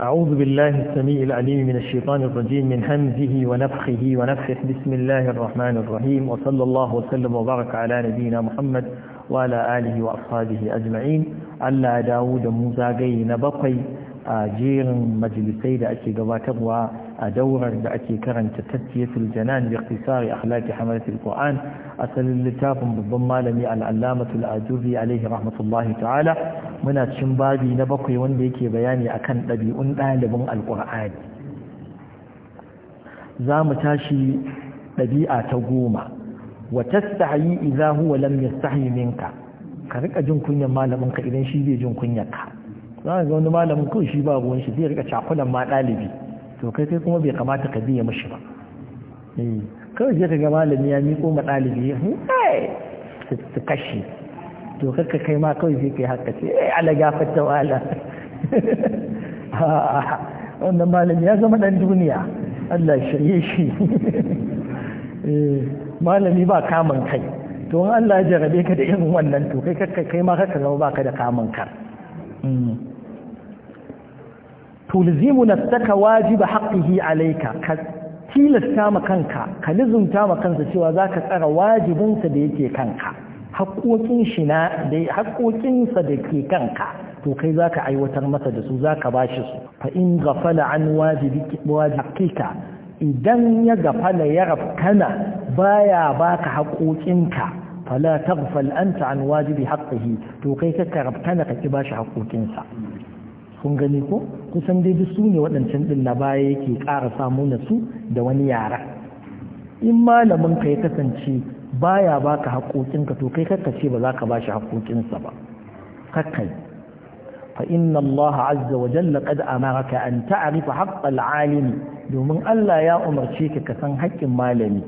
أعوذ بالله السميع العليم من الشيطان الرجيم من همزه ونفخه ونفخه بسم الله الرحمن الرحيم وصلى الله وسلم وبارك على نبينا محمد وعلى آله وأصحابه أجمعين على داود موسى جي نبقي a jerin majalisai da ake gabatarwa a daurar da ake karanta tattiyatul janan bi ikhtisari akhlaqi hamalatul qur'an asalin littafin babban malami al-allamatul ajubi alaihi rahmatullahi ta'ala muna cikin babi na bakwai wanda yake bayani akan ɗabi'un ɗalibin alqur'ani za mu tashi ɗabi'a ta goma wa tastahi idza huwa lam yastahi minka ka rika jin kunyar malamin ka idan shi zai jin kunyar ka za a ga wani malamin kawai shi ba ruwan shi zai rika cakulan ma ɗalibi to kai kai kuma bai kamata ka biya mashi ba eh, kawai zai ka ga malami ya miƙo ma ɗalibi su kashe to kai kai ma kawai zai kai haka ce eh ala gafar ta wala wannan malami ya zama ɗan duniya Allah shirye shi eh, malami ba kamun kai to Allah ya jarabe ka da irin wannan to kai kai ma kaka zama baka da kamun kar hmm. tulzimuna saka wajiba haqqihi alayka ka tilasta ma kanka ka lizumta ma kansa cewa zaka tsara wajibinsa da yake kanka haƙoƙin shi na da da ke kanka to kai zaka aiwatar masa da su zaka bashi su fa in ghafala an wajibi wajibika idan ya gafala ya rafkana baya baka haƙoƙinka wajibi تغفل to kai ka حقه ka ربتنك bashi حقوقنسا kun gani ko kusan dai su ne waɗancan ɗin na baya yake ƙara samu na su da wani yara in malamin ka ya kasance baya baka ka to kai kakka ce ba za ka bashi haƙoƙinsa ba kakkai fa inna Allah azza wa jalla qad amaraka an ta'rifa al alim domin Allah ya umarce ka ka san haƙƙin malami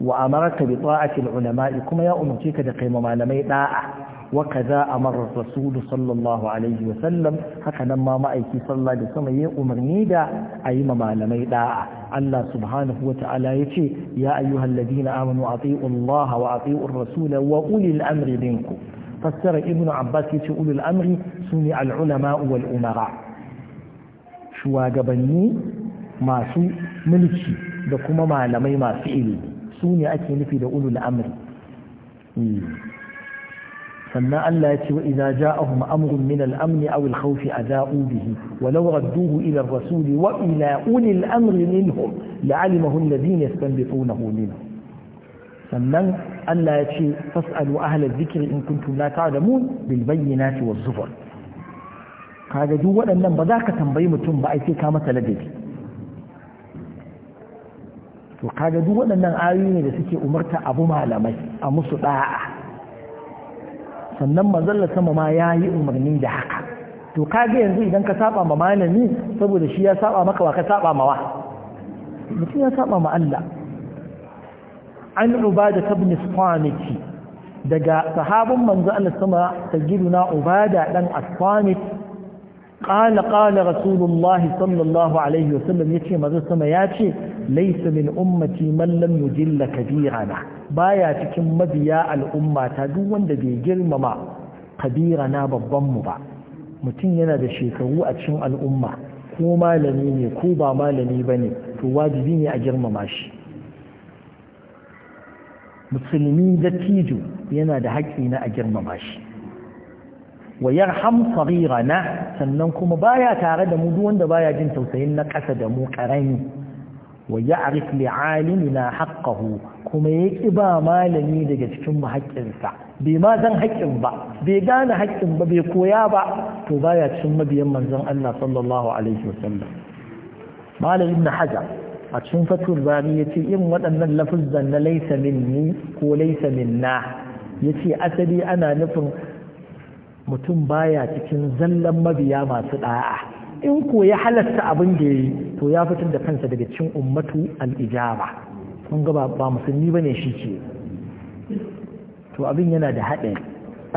wa amaraka bi ta'ati al ulama kuma ya umarce ka da kai malamai da'a wa kaza amara rasul sallallahu alaihi wa sallam haka ma ma'aiki sallallahu alaihi sama ya umarni da ayi ma malamai da'a Allah subhanahu wa ta'ala yace ya ayyuhal ladina amanu ati'u Allah wa ati'u ar-rasul wa ulil amri minkum fassara ibnu abbas yace ulil amri sune al-ulama wal umara shugabanni masu mulki da kuma malamai masu ilimi su ne ake nufi da ulul amri hmm. فما الا اذا جاءهم امر من الامن او الخوف اذاؤوا به ولو ردوه الى الرسول والى اولي الامر منهم لعلمه الذين يستنبطونه منهم فمن الا يتي فاسالوا اهل الذكر ان كنتم لا تعلمون بالبينات والزفر هذا دو ودن نان بذاك تنبي متوم با اي سيكا متا لدي تو كاجا دو ودن نان ايي ne da suke sannan mazalla sama ma ya yi umarni da haka to kaga yanzu idan ka saba ma malami saboda shi ya saba maka wa ka saba ma wa? mutum ya saba ma Allah an ubada ta bin sqaniti daga sahabin manzo Allah sama ta sayyiduna ubada dan asqanit قال قال رسول الله صلى الله عليه وسلم يتي ماذا سما ياتي ليس من أمتي من لم يجل كبيرنا بايا تكن مبيا الأمة تدو وند بيجرم ما كبيرنا بالضم با متين ينا دا شيكو أتشن الأمة ko malami ne ko ba malami ba ne to wajibi ne a girmama shi musulmi dattijo yana da haƙƙi na a girmama shi wa yarham saghirana sannan kuma baya tare da mu duwanda wanda baya jin tausayin na ƙasa da mu karami wa alimi na haqqahu kuma ki ba malami daga cikin mu haƙƙinsa bai ma zan haƙƙin ba bai gane haƙƙin ba bai koya ba to baya cikin mabiyan manzon Allah sallallahu alaihi sallam. malam ibn hajar a cikin fatul ya yace irin waɗannan lafuzzan na laisa minni ko laisa minna yace asali ana nufin mutum baya cikin zallan mabiya masu ɗa'a. in ko ya halarta abin da yayi to ya fitar da kansa daga cikin ummatu al-ijaba kun ga ba musulmi bane shi ke to abin yana da haɗe.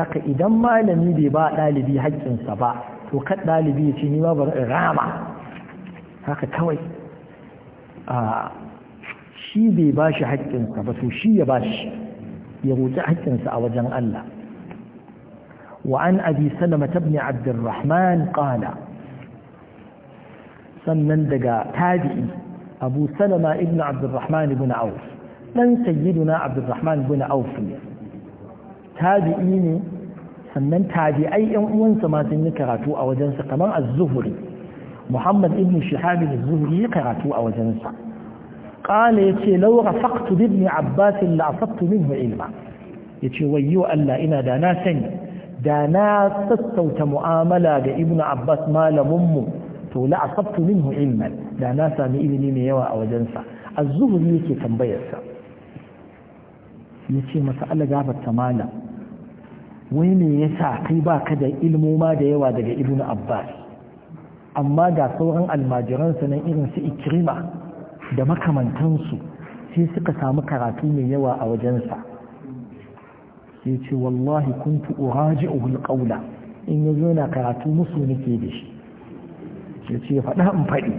haka idan malami bai ba ɗalibi haƙƙinsa ba to kan ɗalibi ya ce ni ma ba rama haka kawai shi bai ba shi haƙƙinsa ba to shi ya ba shi ya roƙi haƙƙinsa a wajen Allah وعن أبي سلمة بن عبد الرحمن قال سنندق تابعي أبو سلمة بن عبد الرحمن بن عوف لن سيدنا عبد الرحمن بن عوف تابعيني sannan tabi'ai yan uwansa ma sun yi karatu a wajensa kamar az-zuhri muhammad ibn shihab az-zuhri ya karatu a wajensa ƙala yace ce rafaqtu bi ibn abbas la asabtu minhu ilma yace wayyo Allah ina da na sani da na sassauta mu'amala ga ibn abbas malaminmu to la asabtu minhu ilman da na sami ilimi mai yawa a wajensa az-zuhri yake tambayarsa yace masa Allah gafarta malam wai me yasa kai ba ka da ilmoma da yawa daga ibn abbas amma ga sauran almajiransa nan irin su ikrima da makamantansu sai suka samu karatu mai yawa a wajensa sai ce wallahi kuntu uraji'uhu ƙaula in yazo yana karatu musu nake da shi sai ce faɗa in faɗi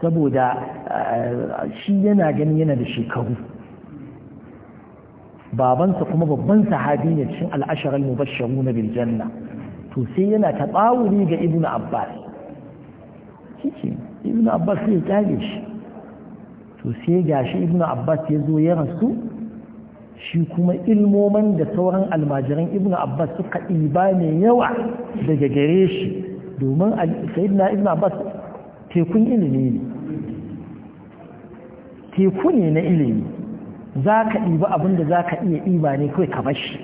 saboda eh, shi yana gani yana da shekaru babansa kuma babban sahabi ne cikin al'ashar al-mubashsharu na biljanna to sai yana ta tsawuri ga Ibn abbas shi Ibn abbas sai ya kyale shi to sai gashi ibnu abbas ya zo ya rasu shi kuma ilmoman da sauran almajiran ibn abbas suka ɗiba mai yawa daga gare shi domin sayidina ibn abbas tekun ilimi ne teku ne na ilimi za ka ɗiba abin za ka iya ɗiba ne kawai ka bashi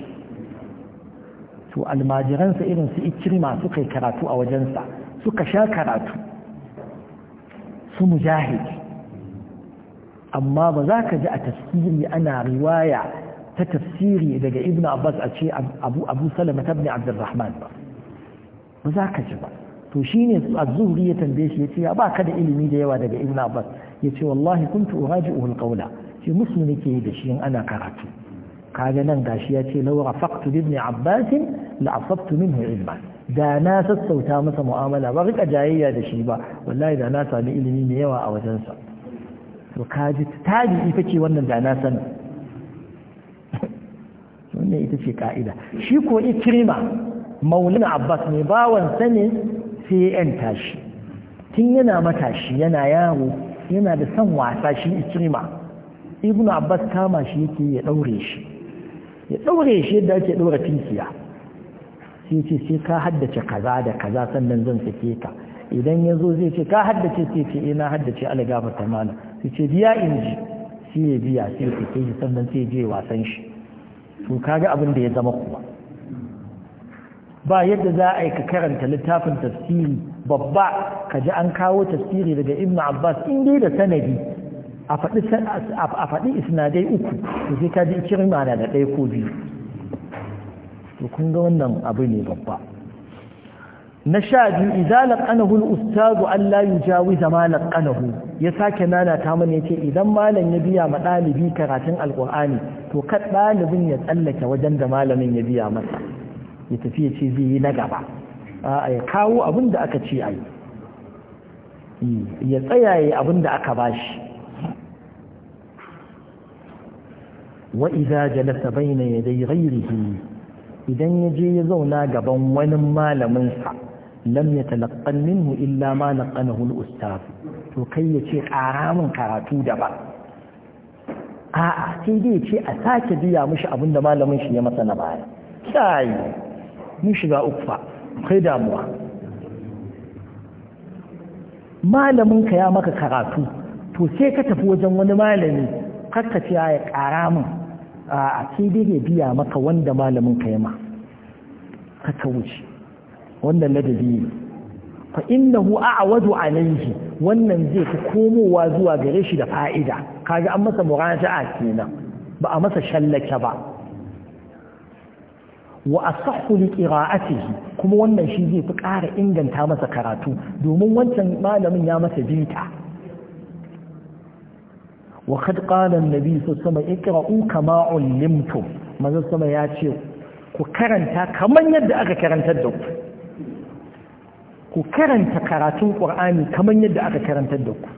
to almajiransa irin su ikirma suka yi karatu a wajensa suka sha karatu su mujahid amma ba za ka ji a tafsiri ana riwaya ta tafsiri daga ibn abbas a ce abu salama ta bin abdurrahman ba ba za ka ji ba to shine a zuhri ya tambaye shi ce ya ba ka da ilimi da yawa daga ibn abbas ce wallahi kuntu uraji'uhu al-qawla shi muslim yake yi da shi in ana karatu kaga nan gashi ya ce law rafaqtu bi ibn abbas la asabtu minhu ilma da na sassauta masa mu'amala ba rika jayayya da shi ba wallahi da na sami ilimi mai yawa a wajensa to kaji tabi'i fa ce wannan da na sani wannan ita ce ka'ida shi ko ikrima maulin abbas ne bawan ne sai ya yanta shi tun yana matashi yana yaro yana da son wasa shi ikrima Ibn abbas kama shi yake ya daure shi ya daure shi yadda ake daura tinkiya sai ce sai ka haddace kaza da kaza sannan zan sake ka idan ya zo zai ce ka haddace sai ce ina eh, haddace alagafa tamana mana sai ce biya in ji sai ya biya sai sake shi sannan sai je wasan shi to kaga abin da ya zama kuwa ba yadda za a yi ka karanta littafin tafsiri babba ka ji an kawo tafsiri daga ibn abbas in dai da sanadi a faɗi isnadai uku da sai ka ji na da ɗaya ko biyu to kun ga wannan abu ne babba na sha biyu izalar ƙanahul ustazu an la yujawi zama laƙanahu ya sake nanata mana ya ce idan malam ya biya ma ɗalibi karatun alƙur'ani to kad ɗalibin ya tsallake wajen da malamin ya biya masa ya tafi ya ce zai yi na gaba a ya kawo abin da aka ce a yi ya tsayaye abin da aka bashi wa idza jalasa bayna yaday ghayrihi idan ya je ya zauna gaban wani malamin sa lam yatalaqqan minhu illa ma laqanahu al to kai yace ƙara min karatu daban a'a sai dai ce a sake biya mishi abin da malamin shi ya masa na baya sai mun shiga uku kai damuwa malamin ka ya maka karatu to sai ka tafi wajen wani malami karka ce ya ƙara min a sai dai ya biya maka wanda malamin ka ya ma ka ta wuce wannan ladabi ne fa innahu a'wadu alayhi wannan zai fi komowa zuwa gare shi da fa'ida kaga an masa muraja'a kenan ba a masa shallake ba wa asahhu li kuma wannan shi zai fi ƙara inganta masa karatu domin wancan malamin ya masa bita wa kad qala an-nabi sallallahu alaihi wasallam iqra'u kama ullimtum manzo sama ya ce ku karanta kaman yadda aka karantar da ku ku karanta karatun ƙur'ani kamar yadda aka karantar da ku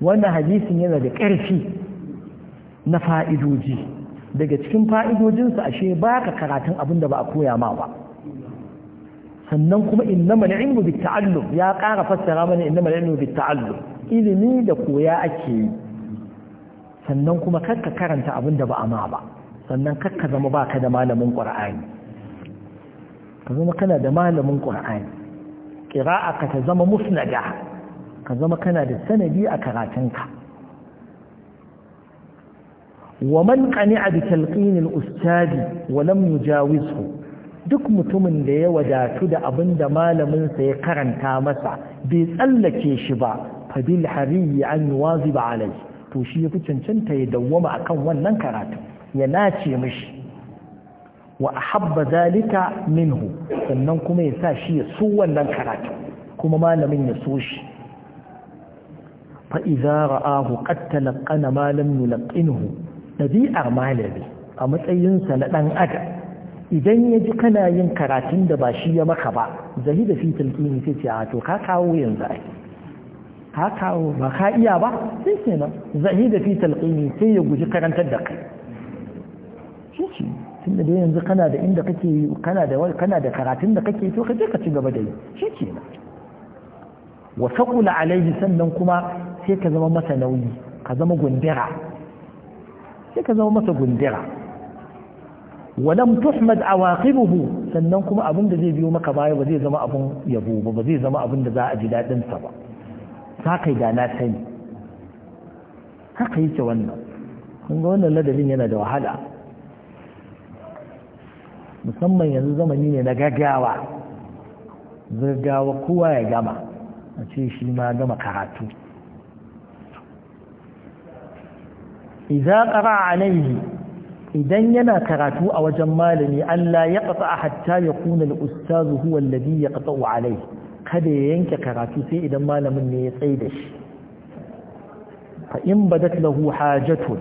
wannan hadisin yana da ƙarfi na fa'idoji daga cikin fa'idojinsa ashe ba ka karatun abin da ba a koya ma ba sannan kuma inna mana ilmu bi ta'allum ya ƙara fassara mana inna mana ilmu bi ta'allum ilimi da koya ake yi sannan kuma kakka karanta abin da ba a ma ba sannan kakka zama ba ka da malamin ƙur'ani ka zama kana da malamin ƙur'ani ƙira'a ka ta zama musnada ka zama kana da sanadi a karatunka wa man qani'a bi talqin al-ustadi wa lam yujawizhu duk mutumin da ya wadatu da abin da malaminsa ya karanta masa bai tsallake shi ba fabil hariyi an yi alai to shi ya fi cancanta ya dawwama akan wannan karatu ya nace mishi wa ahabba zalika minhu sannan kuma ya sa shi ya so wannan karatu kuma malamin ya so shi fa idza ra'ahu qad talaqqana ma lam yulqinhu malami a matsayin sa na dan adam idan ya ji kana yin karatun da ba shi ya maka ba zahida fi talqini sai ce a to ka kawo yanzu ai ka kawo ba ka iya ba sai kenan zahida fi talqini sai ya guji karantar da kai shi tun dai yanzu kana da inda kake kana da kana da karatun da kake so kaje ka ci gaba da yi shi shikenan wa saqula alaihi sannan kuma sai ka zama masa nauyi ka zama gundira sai ka zama masa gundira lam tuhmad awaqibuhu sannan kuma abin da zai biyo maka baya ba zai zama abun yabo ba ba zai zama abin da za a ji dadin sa ba ta kai da na sani haka yake wannan kun ga wannan ladabin yana da wahala musamman yanzu zamani ne na gaggawa gaggawa kowa ya gama a ce shi ma gama karatu idan ƙara alaihi idan yana karatu a wajen malami Allah ya ƙasa a hatta ya kuna usta huwa alladhi ya ƙasa alai kada ya yanke karatu sai idan malamin ne ya tsaye da shi fa in badat lahu hajatun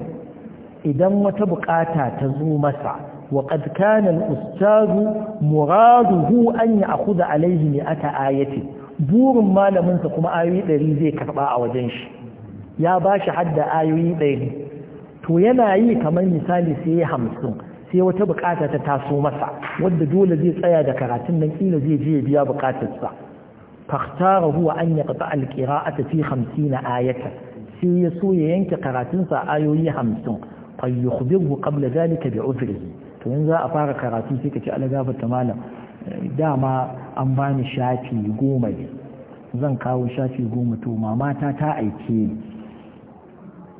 idan wata bukata ta zo masa وقد كان الأستاذ مراده أن يأخذ عليه مئة آية بور ما لمن تقوم آيوي داري زي كرباء وجنش يا باشا حد آيوي داري تو ينايي كمان مثالي سي همسون sai wata bukata ta taso masa wadda dole zai tsaya da karatun nan kila zai je biya bukatarsa fakhtara huwa an yaqta alqira'ata fi 50 ayatan sai ya so ya yanke karatunsa ayoyi 50 fa yukhbiru zalika bi uzrihi to yanzu za a fara karatu sai ka ci alagafa ta malam dama an bani shafi goma ne zan kawo shafi goma to mamata ta aike ni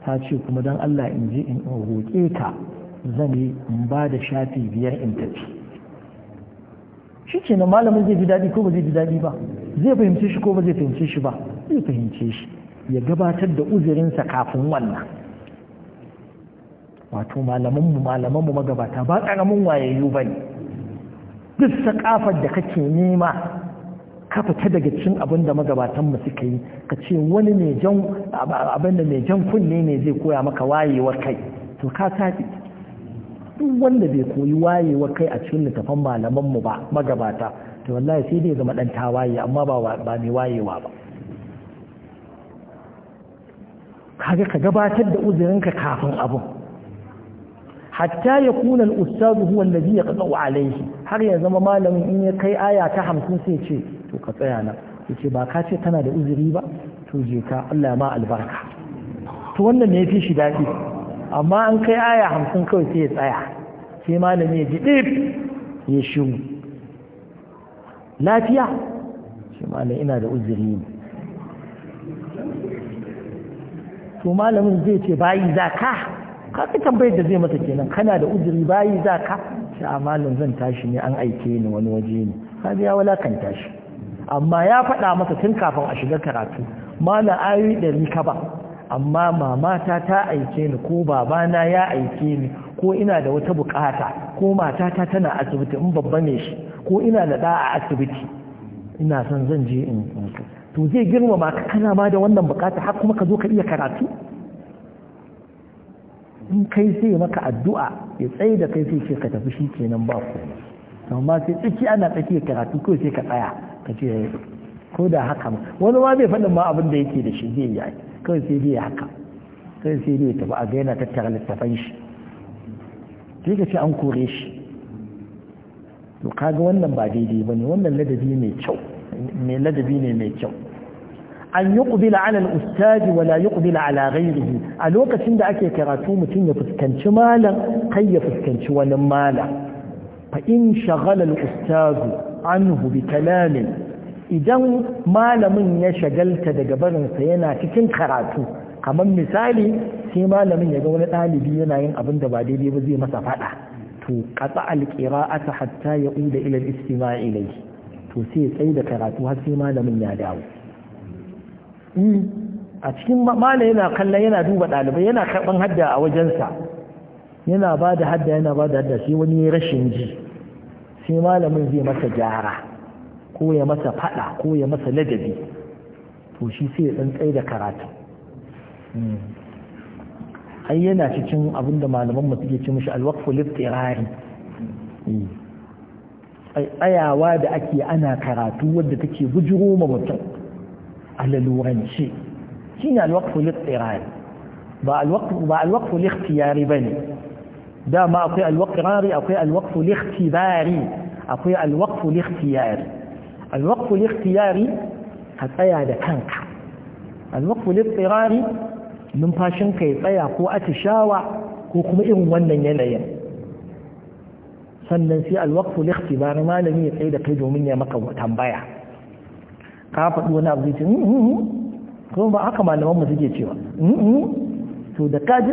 ta ce kuma don Allah in ji in roƙe ka zan yi in ba da shafi biyar in tafi shi ke na malamin zai ji daɗi ko ba zai ji daɗi ba zai fahimce shi ko ba zai fahimce shi ba zai fahimce shi ya gabatar da uzurinsa kafin wannan wato malamanmu mu magabata ba ƙaramin wayayyu ba ne duk saƙafar da kake nema ka fita daga cikin abin da magabatanmu suka yi ka ce wani mai jan abin da mai jan kunne ne zai koya maka wayewar kai to ka tafi duk wanda bai koyi wayewar kai a cikin littafan malamanmu ba magabata to wallahi sai dai zama ɗan tawaye amma ba mai wayewa ba kaga ka gabatar da uzurinka kafin abin hatta ya kuna al'ustadu huwa nabi ya kaɗa'u alaihi har ya zama malamin in ya kai aya ta hamsin sai ce to ka tsaya na. ya ce ba ka ce tana da uzuri ba to je ka Allah ma albarka to wannan ne fi shi daɗi amma an kai aya hamsin kawai sai ya tsaya sai malami ya ji ɗif ya shiru lafiya shi malam ina da uzuri ne to malamin zai ce bayi zaka ka ka tambayar da zai mata kenan kana da uzuri bayi za ka sai amalin ah, zan tashi ne an aike ni wani waje ne ka ya walakanta tashi. amma ya faɗa masa tun kafin a shiga karatu mana ayi ɗari ka ba amma mamata ta aike ni ko babana ya aike ni ko ina da wata bukata ko matata tana asibiti in babba ne shi ko ina da a asibiti ina son zan je in to zai girmama ka kana ma da wannan bukata har kuma ka zo ka iya karatu in kai sai maka addu'a ya tsaye da kai sai ka tafi shi kenan ba ku amma sai tsaki ana tsaki karatu ko sai ka tsaya ka ce ko da haka wani ma bai faɗin ma abin da yake da shi zai yi kawai sai dai haka kawai sai dai tafi a ga yana tattara littafan shi sai ka ce an kore shi to kaga wannan ba daidai ba ne. wannan ladabi mai kyau mai ladabi ne mai kyau an yuqbila ala al-ustadi wa la yuqbila ala ghayrihi a lokacin da ake karatu mutum ya fuskanci malam kai ya fuskanci wani malam fa in shaghala al-ustadu anhu bi kalamin idan malamin ya shagalta daga barinsa yana cikin karatu kamar misali sai malamin ya ga wani ɗalibi yana yin abin da ba daidai ba zai masa faɗa to katsa alƙira'ata hatta ya ƙuda ilal istima ilai to sai ya tsaye da karatu har sai malamin ya dawo a cikin malam yana kallon yana duba ɗalibai yana karɓan hadda a wajensa yana ba da hadda yana ba da hadda sai wani ya rashin ji sai malamin zai masa gyara ko ya masa faɗa ko ya masa ladabi to shi sai ya tsantsai da karatu hmm. ai yana cikin abin da malaman mu suke ce mishi alwaqfu liftirari hmm. tsayawa da ake ana karatu wadda take bujiro ma mutum على الوانشي هنا الوقف الاضطراري باع الوقف باع الوقف الاختياري بني دا ما أطيع الوقف الاضطراري أطيع الوقف الاختياري أطيع الوقف الاختياري الوقف الاختياري أطيع هذا دكانك الوقف الاضطراري من باشن كي تيا كو اتشاوا كو كما ان الوقف yanayin ما sai al-waqf مني ikhtibar malami ka faɗi wani abu ce mm, mm, mm. kuma ba haka malaman mu suke cewa to da ka ji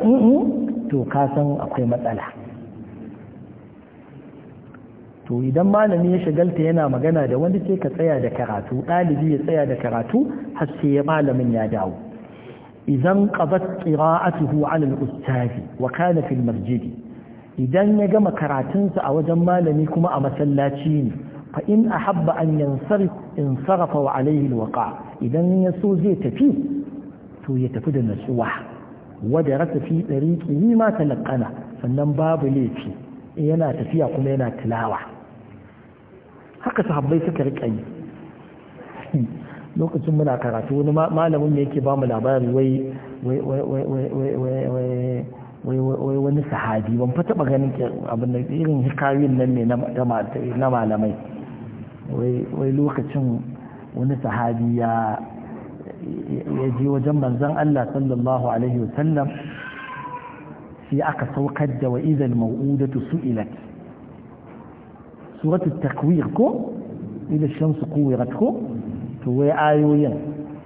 to ka san akwai matsala to idan malami ya shagalta yana magana da wani sai ka tsaya da karatu ɗalibi ya tsaya da karatu har sai ya malamin ya dawo idan qadat qira'atuhu 'ala al-ustaz wa kana fi al-masjid idan ya gama karatunsa a wajen malami kuma a masallaci ne fa in ahabba an yansarif in sarafa wa alaihi alwaqa idan ya so zai tafi to ya tafi da natsuwa wada rasa fi dariqi ni ma talaqana sannan babu laifi yana tafiya kuma yana tilawa haka sahabbai suka rika yi lokacin muna karatu wani malamin ne yake ba mu labari wai wai wai wai wai wai wani sahabi ban fa taba ganin abin da irin hikayoyin nan ne na malamai wai lokacin wani sahabi ya je wajen manzan Allah sallallahu alaihi wasallam sai aka saukar da wa idan mau'udatu su'ilat suratul takwir ko ila shamsu kuwirat ko to wai ayoyin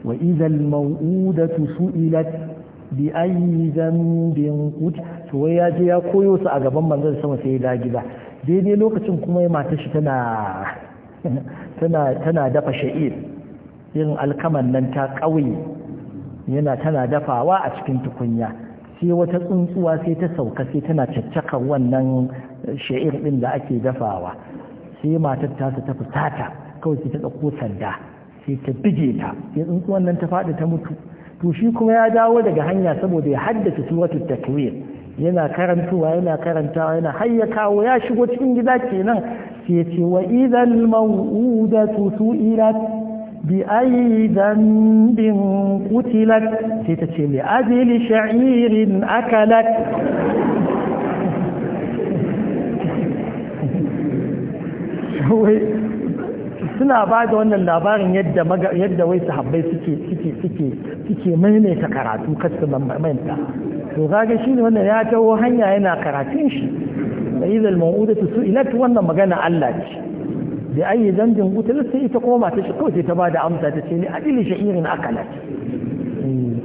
wa ma'udatu su su'ilat bi ayi zambin kuta to ya je ya koyo su a gaban manzon sama sai ya da gida daidai lokacin kuma mata shi tana tana tana dafa sha'ir irin alkaman nan ta ƙauye yana tana dafawa a cikin tukunya sai wata tsuntsuwa sai ta sauka sai tana caccakar wannan sha'ir din da ake dafawa sai matar ta ta fusata kawai sai ta ɗauko sanda sai ta bige ta sai tsuntsuwan nan ta faɗi ta mutu to shi kuma ya dawo daga hanya saboda ya haddace suratul takwir yana karantuwa yana karantawa yana hayyakawo ya kawo shigo cikin gida kenan sai ya ce wa idan maw'udatu su'ilat bi ayi dhanbin qutilat sai ta ce li sha'irin akalat suna ba da wannan labarin yadda yadda wai sahabbai suke suke suke suke maimaita karatu kasu maimaita to zaga shi ne wannan ya taho hanya yana karatun shi da izal ma'udatu su'ilat wannan magana Allah ce da ayi zanjin gutul sai ita koma ta shi kawai ta bada amsa ta ce ni adili sha'irin akalat eh.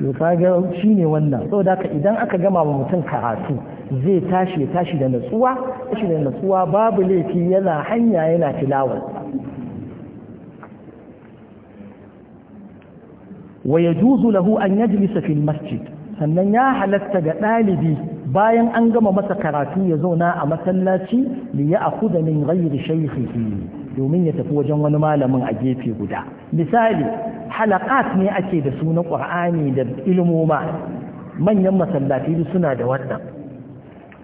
to kaga shi ne wannan saboda haka idan aka gama wa mutum karatu zai tashi tashi da natsuwa tashi da natsuwa babu laifi yana hanya yana tilawar wa ya juzu lahu an yajlisa fil masjid sannan ya halatta ga ɗalibi bayan an gama masa karatu ya zauna a masallaci li ya akuda min ghairi shaykhihi domin ya tafi wajen wani malamin a gefe guda misali halakat ne ake da su na qur'ani da ilmoma manyan masallaci suna da wannan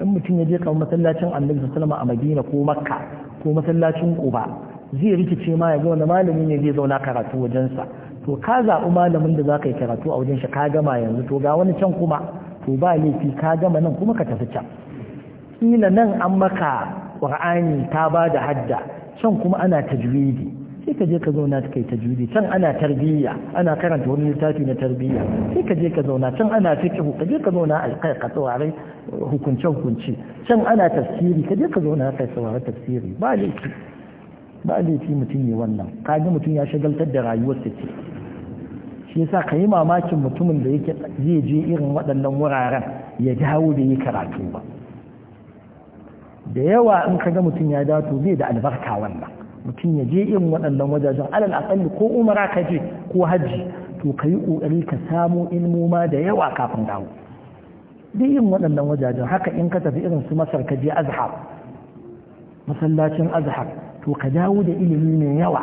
in mutum ya je kamar masallacin annabi sallama a madina ko makka ko masallacin kuba zai rikice ma ya ga wani malamin ya zai zauna karatu wajensa to ka zaɓi malamin da za ka yi karatu a wajen shi ka gama yanzu to ga wani can kuma to ba laifi ka gama nan kuma ka tafi can kila nan an maka ƙur'ani ta ba da hadda can kuma ana tajwidi sai ka je ka zauna kai ta jude can ana tarbiyya ana karanta wani littafi na tarbiyya sai ka je ka zauna can ana fiqh ka je ka zauna alqai ka tsaware hukunce hukunci can ana tafsiri ka je ka zauna kai tsaware tafsiri ba laifi ba laifi mutum ne wannan ka ga mutum ya shagaltar da rayuwarsa ce shi yasa ka yi mamakin mutumin da yake zai je irin waɗannan wuraren ya dawo da yi karatu ba da yawa in ka ga mutum ya dawo zai da albarka wannan mutum ya je irin waɗannan wajajen alal aƙalli ko umara ka je ko hajji to ka yi ƙoƙari ka samo ilmoma da yawa kafin dawo duk yin waɗannan wajajen haka in ka tafi irin su masar ka je azhar masallacin azhar to ka dawo da ilimi mai yawa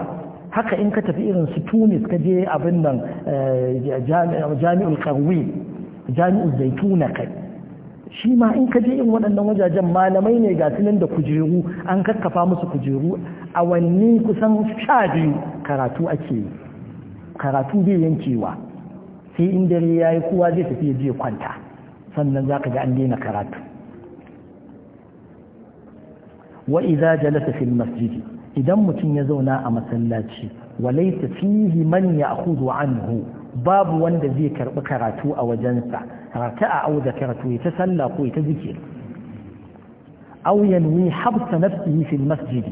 haka in ka tafi irin su tunis ka je abin nan eh, jami'ul karwi jami'ul zaituna kai shi ma in ka je in waɗannan wajajen malamai ne ga nan da kujeru an kakkafa musu kujeru a wanne kusan sha biyu karatu ake karatu bai yankewa sai in dare ya yi kowa zai tafi je kwanta sannan za ka ga an daina karatu wa idza jalasa fil masjidi idan mutum ya zauna a masallaci walaita fihi man ya'khudhu anhu babu wanda zai karbi karatu a wajensa raka'a au zakara to ya ta sallah ko ya ta zikiri yanwi habsa nafsihi fil masjidi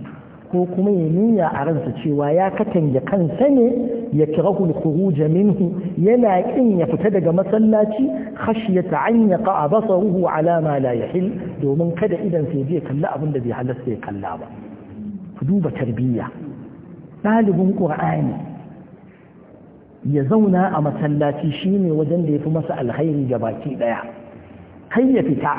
ko kuma ya niyya a ransa cewa ya katange kansa ne ya kirahu al-khuruj minhu yana kin ya fita daga masallaci khashyata an yaqa basaruhu ala ma la yahil domin kada idan sai je kalla abin da bai halasta ya kalla ba ku duba tarbiyya ɗalibin ƙur'ani ya zauna a masallaci shine wajen da ya fi masa alhairi ga baki daya kai ya fita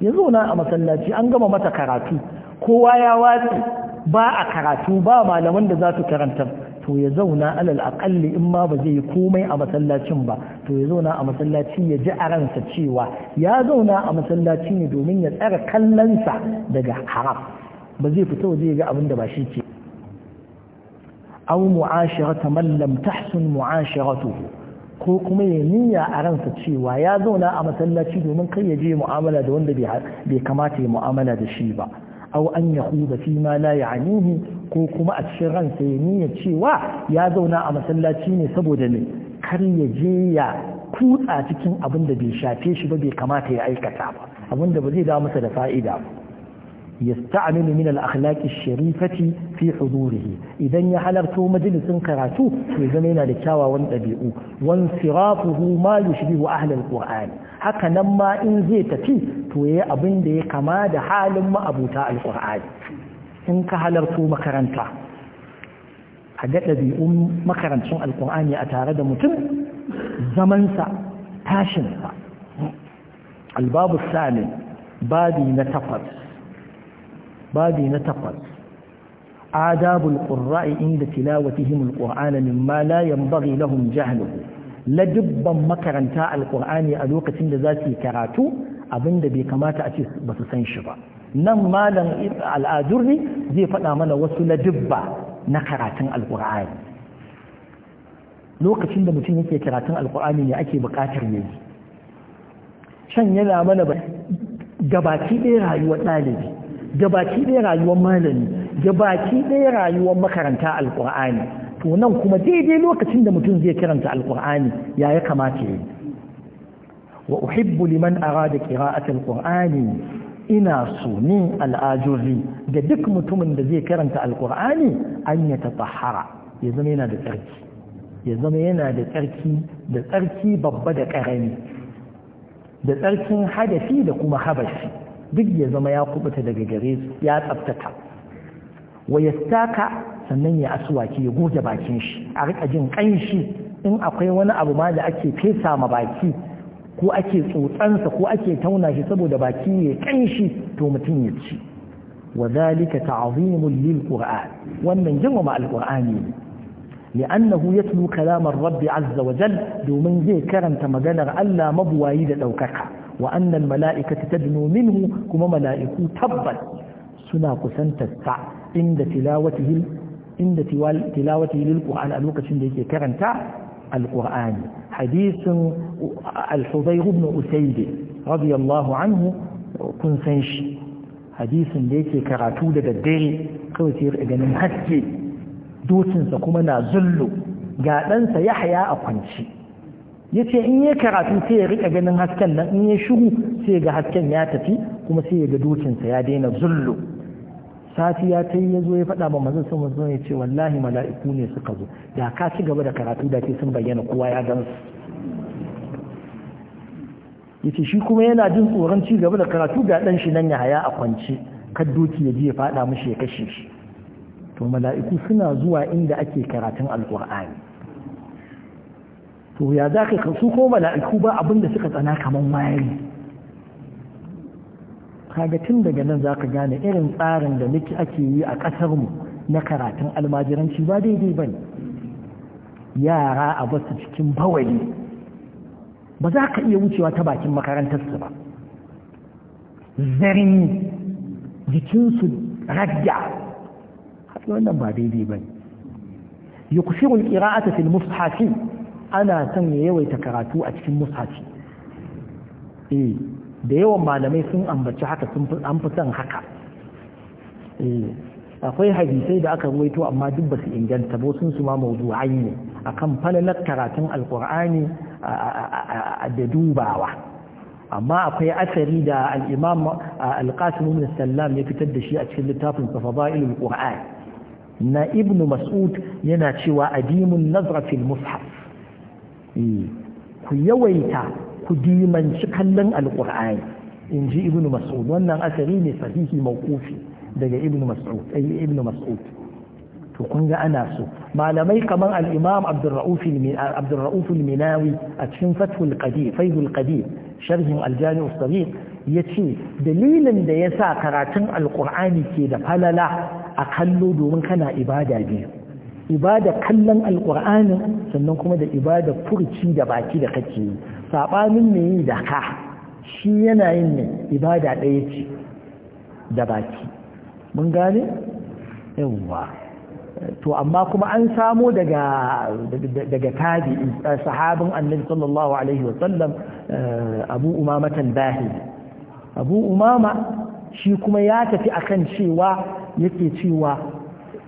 ya zauna a masallaci an gama mata karatu kowa ya watsi ba a karatu ba malaman da za su karanta to ya zauna alal aƙalli in ma ba zai yi komai a masallacin ba to ya zauna a masallaci ya ji a ransa cewa ya zauna a masallaci ne domin ya tsara kallonsa daga haram ba zai fita waje ya ga abin da ba shi ke aw mu'asharata man lam tahsun mu'asharatuhu ko kuma ya niyya a ransa cewa ya zauna a masallaci domin kai ya je mu'amala da wanda bai kamata ya mu'amala da shi ba aw an yahuda fi ma la ya'nihi ko kuma a cikin ransa ya niyya cewa ya zauna a masallaci ne saboda ne kar ya je ya kutsa cikin abin da bai shafe shi ba bai kamata ya aikata ba abin da ba zai da masa da fa'ida ba yasta'milu min al-akhlaq ash-sharifati fi hudurihi idan ya halarto majalisin karatu to zama yana da kyawawan dabi'u wan sirafuhu ma yushbihu ahli al-qur'an haka nan ma in zai tafi to yayi abin da ya kama da halin ma'abuta al-qur'an in ka halarto makaranta a ga ɗabi'un makarancin alkur'ani a tare da mutum zamansa tashinsa albabu sami babi na takwas babi na takwas adabul qurra'i inda tilawatihim alqur'ana mimma la lahun lahum jahluhu ladubban makaranta alƙur'ani a lokacin da za su karatu abinda bai kamata a ce ba su san shi ba nan malam ne zai faɗa mana wasu ladibba na karatun alqur'ani lokacin da mutum yake karatun alqur'ani ne ake buƙatar yayi shan yana mana gabaki ɗaya rayuwar ɗalibi gabaki ɗaya rayuwar malami gabaki ɗaya rayuwar makaranta Alƙur'ani. to nan kuma daidai lokacin da mutum zai karanta alkur'ani ya ya kamata yi wa uhibbu liman arada qira'at Alƙur'ani ina so ni al'ajuri ga duk mutumin da zai karanta alkur'ani an ya tatahara ya zama yana da tsarki ya zama yana da tsarki da tsarki babba da ƙarami da tsarkin hadafi da kuma habashi duk ya zama ya kubuta daga gare su ya tsaftaka wa yastaka sannan ya asuwaki ya goge bakin shi a rika jin kanshi in akwai wani abu ma da ake fesa ma baki ko ake tsotsansa ko ake tauna shi saboda baki ya kanshi to mutum ya ci wa zalika ta'zimun lil qur'an wannan girmama alqur'ani ne لأنه يتلو Azza wa عز domin zai karanta maganar Allah mabuwayi da دوكك wa annal ta tadnu kuma mala'iku tabbas suna kusantar sa inda tilawatihi inda tilawatihi lil qur'an a lokacin da yake karanta alqur'ani hadisin al-hudayr ibn usayd anhu kun san shi hadisin da yake karatu da daddare kawai sai ganin haske docinsa kuma na zullu ga ɗansa yahya a kwance. ya ce in ya karatu sai ya rika ganin hasken nan in ya shiru sai ga hasken ya tafi kuma sai ya ga dokinsa ya daina zullu safiya ya ta yi ya zo ya faɗa ma manzon sun manzon ya ce wallahi mala'iku ne suka zo da ka ci gaba da karatu da ke sun bayyana kowa ya gan su yace shi kuma yana jin tsoron ci gaba da karatu da ɗan shi nan ya haya a kwance kan doki ya ji ya faɗa mashi ya kashe shi to mala'iku suna zuwa inda ake karatun alƙur'ani to ya za ka su ko mala'iku ba abinda suka tsana kamar mayari kaga tun daga nan za ka gane irin tsarin da nake ake yi a ƙasarmu na karatun almajiranci ba daidai ba ne yara a basu cikin bawali ba za ka iya wucewa ta bakin makarantarsu ba zarin jikinsu ragya wannan ba daidai ba ne yukusirul qira'ata fil mushafi ana son ya yawaita karatu a cikin musashi. eh da yawan malamai sun ambaci haka sun an fi son haka eh akwai hadisai da aka ruwaito amma duk ba su inganta ba sun su ma mawdu'ai ne akan falalar karatun alqur'ani da dubawa amma akwai asari da al-imam al-qasim ibn sallam ya fitar da shi a cikin littafin fadailul qur'an na ibn mas'ud yana cewa adimun nazra fil mushaf Eh, ku yawaita ku dimanci kallon alƙur'ani in ji ibnu mas'ud wannan asari ne sahihi mawqufi daga ibnu mas'ud ai eh, ibnu mas'ud to kun ga ana so malamai kamar al-imam abdurra'uf al-minawi a cikin fathul qadir faidul qadir sharhin al-jami' yace dalilin da yasa karatun Alƙur'ani ke da falala a kallo domin kana ibada biyu ibada kallon alƙur'anin sannan kuma da ibada furci da baki da kake yi saɓanin mai yi da ka shi yana yin ne ibada ɗaya ce da baki mun gane yawwa to amma kuma an samo daga daga eh, sahabin annabi sallallahu alaihi wasallam eh, abu umamatan bahi abu umama shi kuma ya tafi akan cewa yake cewa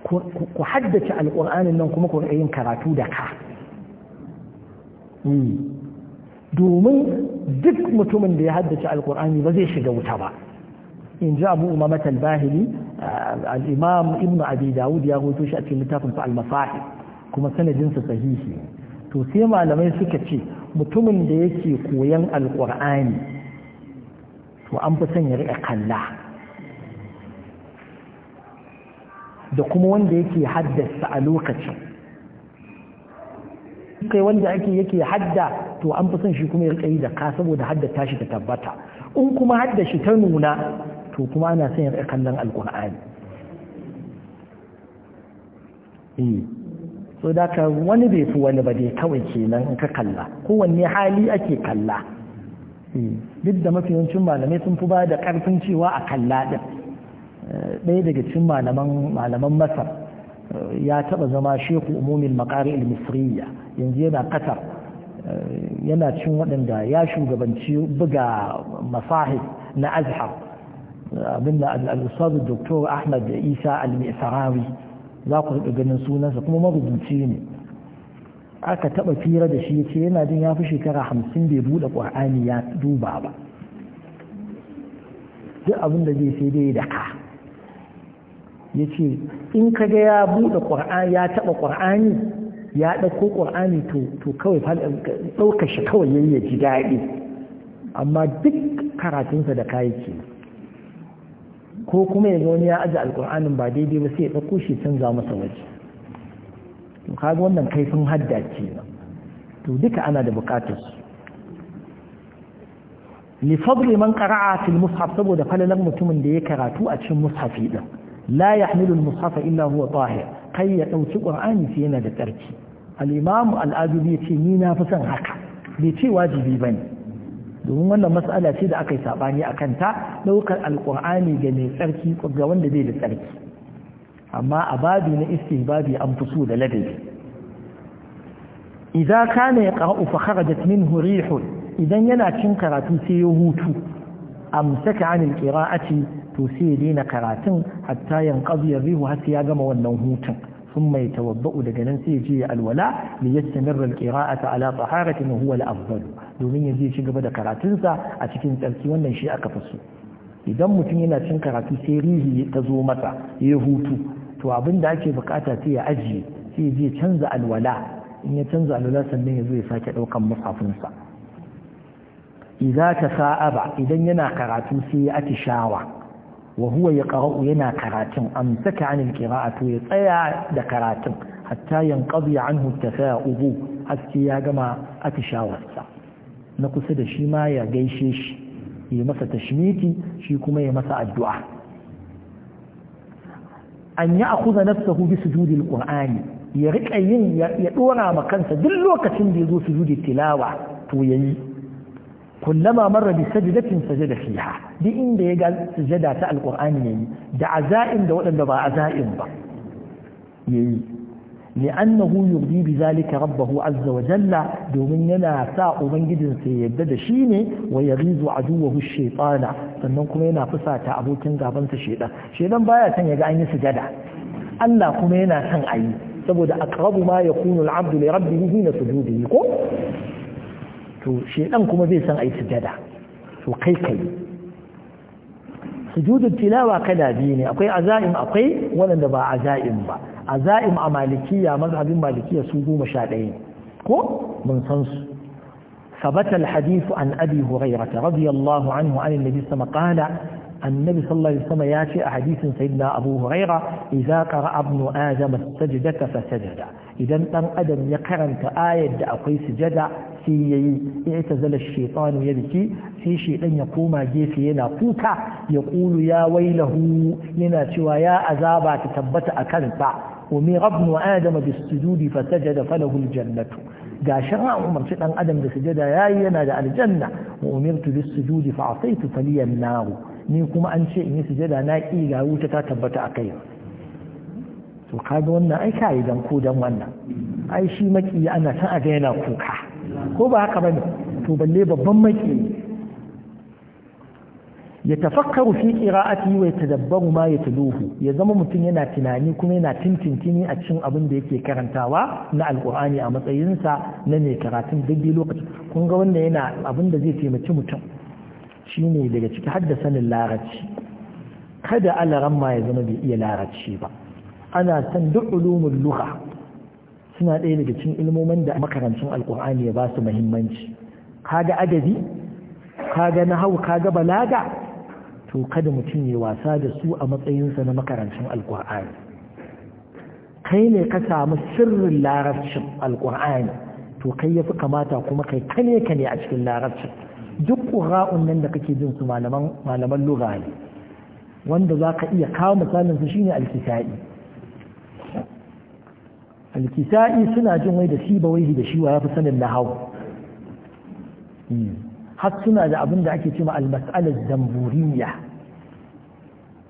ku haddace alƙur'anin nan kuma ku yin karatu da ka hmm. domin duk mutumin da ya haddace alƙur'ani ba zai shiga wuta ba in ji abu umamat al-bahili eh, al ibnu abi dawud ya hoto shi a cikin littafin sa al kuma sanadinsa sahihi to sai malamai suka ce mutumin da yake koyan alƙur'ani to an fi son ya riƙa kalla da kuma wanda yake haddasa a lokacin kai wanda ake yake hadda to an fi son shi kuma ya yi da ka saboda hadda tashi ta tabbata in kuma hadda shi ta nuna to kuma ana son ya rika kallon alkur'ani eh so da ka wani bai fi wani ba dai kawai kenan in ka kalla kowanne hali ake kalla eh, duk da mafi malamai sun fi ba da karfin cewa a kalla din ɗaya daga cikin malaman masar ya taɓa zama sheku umumin makari ilmisriya yanzu yana ƙasar, yana cin waɗanda ya shugabanci buga masahib na azhar abinda al'ustazu doktor ahmad isa al-misarawi za ku riƙa ganin sunansa kuma marubuci ne aka taɓa fira da shi ce yana jin ya fi shekara hamsin bai buɗe ƙwar'ani ya duba ba duk abinda zai sai dai da ka yace in ka ga ya buɗe qur'ani ya taba ƙwar'ani ya ɗauko ƙwar'ani to kawai ɗaukar shi kawai yayi ya ji daɗi amma duk karatunsa da kayi ke ko kuma ya wani ya aji alƙwar'anin ba daidai ba sai ya ɗauko shi canza masa waje to kaga wannan kaifin hadda ce to duka ana da buƙatar su لفضل من قرأ في المصحف saboda falalar mutumin da ya karatu a cikin mushafi ɗin. la yahmilu al-mushaf illa huwa tahir kai ya dauki qur'ani sai yana da tsarki al-imam al-adubi yace ni na fi son haka bai ce jibi bane domin wannan mas'ala ce da aka yi a kan ta ɗaukar al-qur'ani ga mai tsarki ga wanda bai da tsarki amma a babi na istihbabi an fi so da ladabi idan kana ya qa'u fa kharajat minhu rihun idan yana cin karatu sai ya hutu amsaka anil aci. to sai ya daina karatun hatta yanqadi rihu har sai ya gama wannan hutun mai يتوضأ daga nan sai je alwala li yastamirra alqira'ata ala taharatin huwa al-afdal domin ya je ci gaba da karatunsa a cikin tsarki wannan shi aka faso idan mutum yana cin karatu sai rihi ta zo masa ya hutu to abin da ake bukata sai ya ajiye sai ya canza alwala in ya canza alwala sannan ya zo ya sake daukan musafinsa idza tasa'aba idan yana karatu sai ya atishawa wa huwa yaqra'u yana karatun amsaka 'anil a ya tsaya da karatun hatta hutta saya ugu haske ya gama atishawarsa na kusa da shi ma ya gaishe shi yi masa tashmiti shi kuma ya masa addu'a an yi akuza nafsahu su sujudil qur'ani ya rika yin ya ɗora ma kansa duk lokacin da ya zo sujudi tilawa to yayi kullama marra bi sajdatin sajada fiha duk inda ya ga sujada ta alqur'ani yayi da azain da waɗanda ba azain ba yayi لأنه domin yana sa عز وجل دومن da shi ne wa شيني ويغيظ عدوه الشيطان sannan kuma yana fusata abokin gabansa shedan shedan baya san yaga an yi sujada Allah kuma yana san ayi saboda aqrabu ma yakunu al-abdu li rabbihi hina sujudihi ko to shi kuma zai san a yi sujada to kai kai sujudun tilawa kada biyu ne akwai aza'im akwai waɗanda ba aza'im ba aza'im a malikiya mazhabin malikiya su goma sha ɗaya ko mun san su ثبت الحديث عن أبي هريرة رضي الله عنه عن النبي السلام قال النبي صلى الله عليه وسلم ياتي أحديث سيدنا أبو هريرة إذا قرأ ابن آدم السجدة فسجد إذا أدم يقرن تآية أقيس جدا sai ya yi ita zala shaitanu ya biki sai shaitan ya koma gefe yana kuka ya kulu ya wailahu yana cewa ya azaba ta tabbata a kansa wa mai rabnu adama bi sujudi fa sajada falahu aljannatu ga shar'a shi dan adam da sujada yayi yana da aljanna wa umirtu bis sujudi fa asaitu faliyan naru ni kuma an ce in yi sujada na ki ga wuta ta tabbata a kai to kaga wannan ai kai dan ko dan wannan ai shi maki ana san a ga yana kuka ko ba haka bane to balle babban maki ya tafakkaru fi qira'ati wa yatadabbaru ma yatluhu ya zama mutum yana tunani kuma yana tintintini a cikin abin da yake karantawa na alqur'ani a matsayinsa na mai karatun daidai lokaci kun ga wanda yana abin da zai taimaki mutum shine daga ciki hadda sanin larabci kada alaran ma ya zama bai iya larabci ba ana san duk ulumul lugha suna ɗaya daga cikin ilmomin da makarancin alkur'ani ya ba su muhimmanci kaga adabi kaga ka kaga balaga to kada mutum ya wasa da su a matsayinsa na makarancin alkur'ani kai ne ka samu sirrin larabcin alkur'ani to kai ya fi kamata kuma kai kane ka ne a cikin larabcin duk ƙura'un nan da kake jin su malaman lura ne wanda za ka iya kawo misalin su shine alkisa'i alkisa'i suna jin wai da shi ba wai da shi wa ya fi sanin nahawu har suna da abin da ake cewa al-mas'alat zamburiya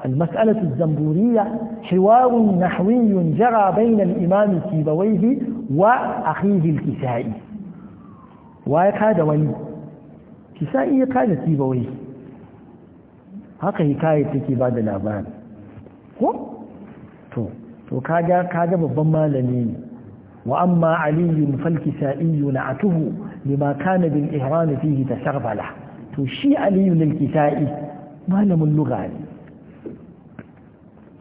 al-mas'alat zamburiya hiwarun nahawiyyun jara bayna al-imam sibawayhi wa akhihi al-kisa'i wa ya kada wani kisa'i ya kada sibawayhi haka hikaya take ba da labari ko to kaga kaga babban malami ne wa amma aliyun falkisa'iyu na atuhu lima kana bil ihram fihi tasarbala to shi aliyun al-kisa'i malamin lugha ne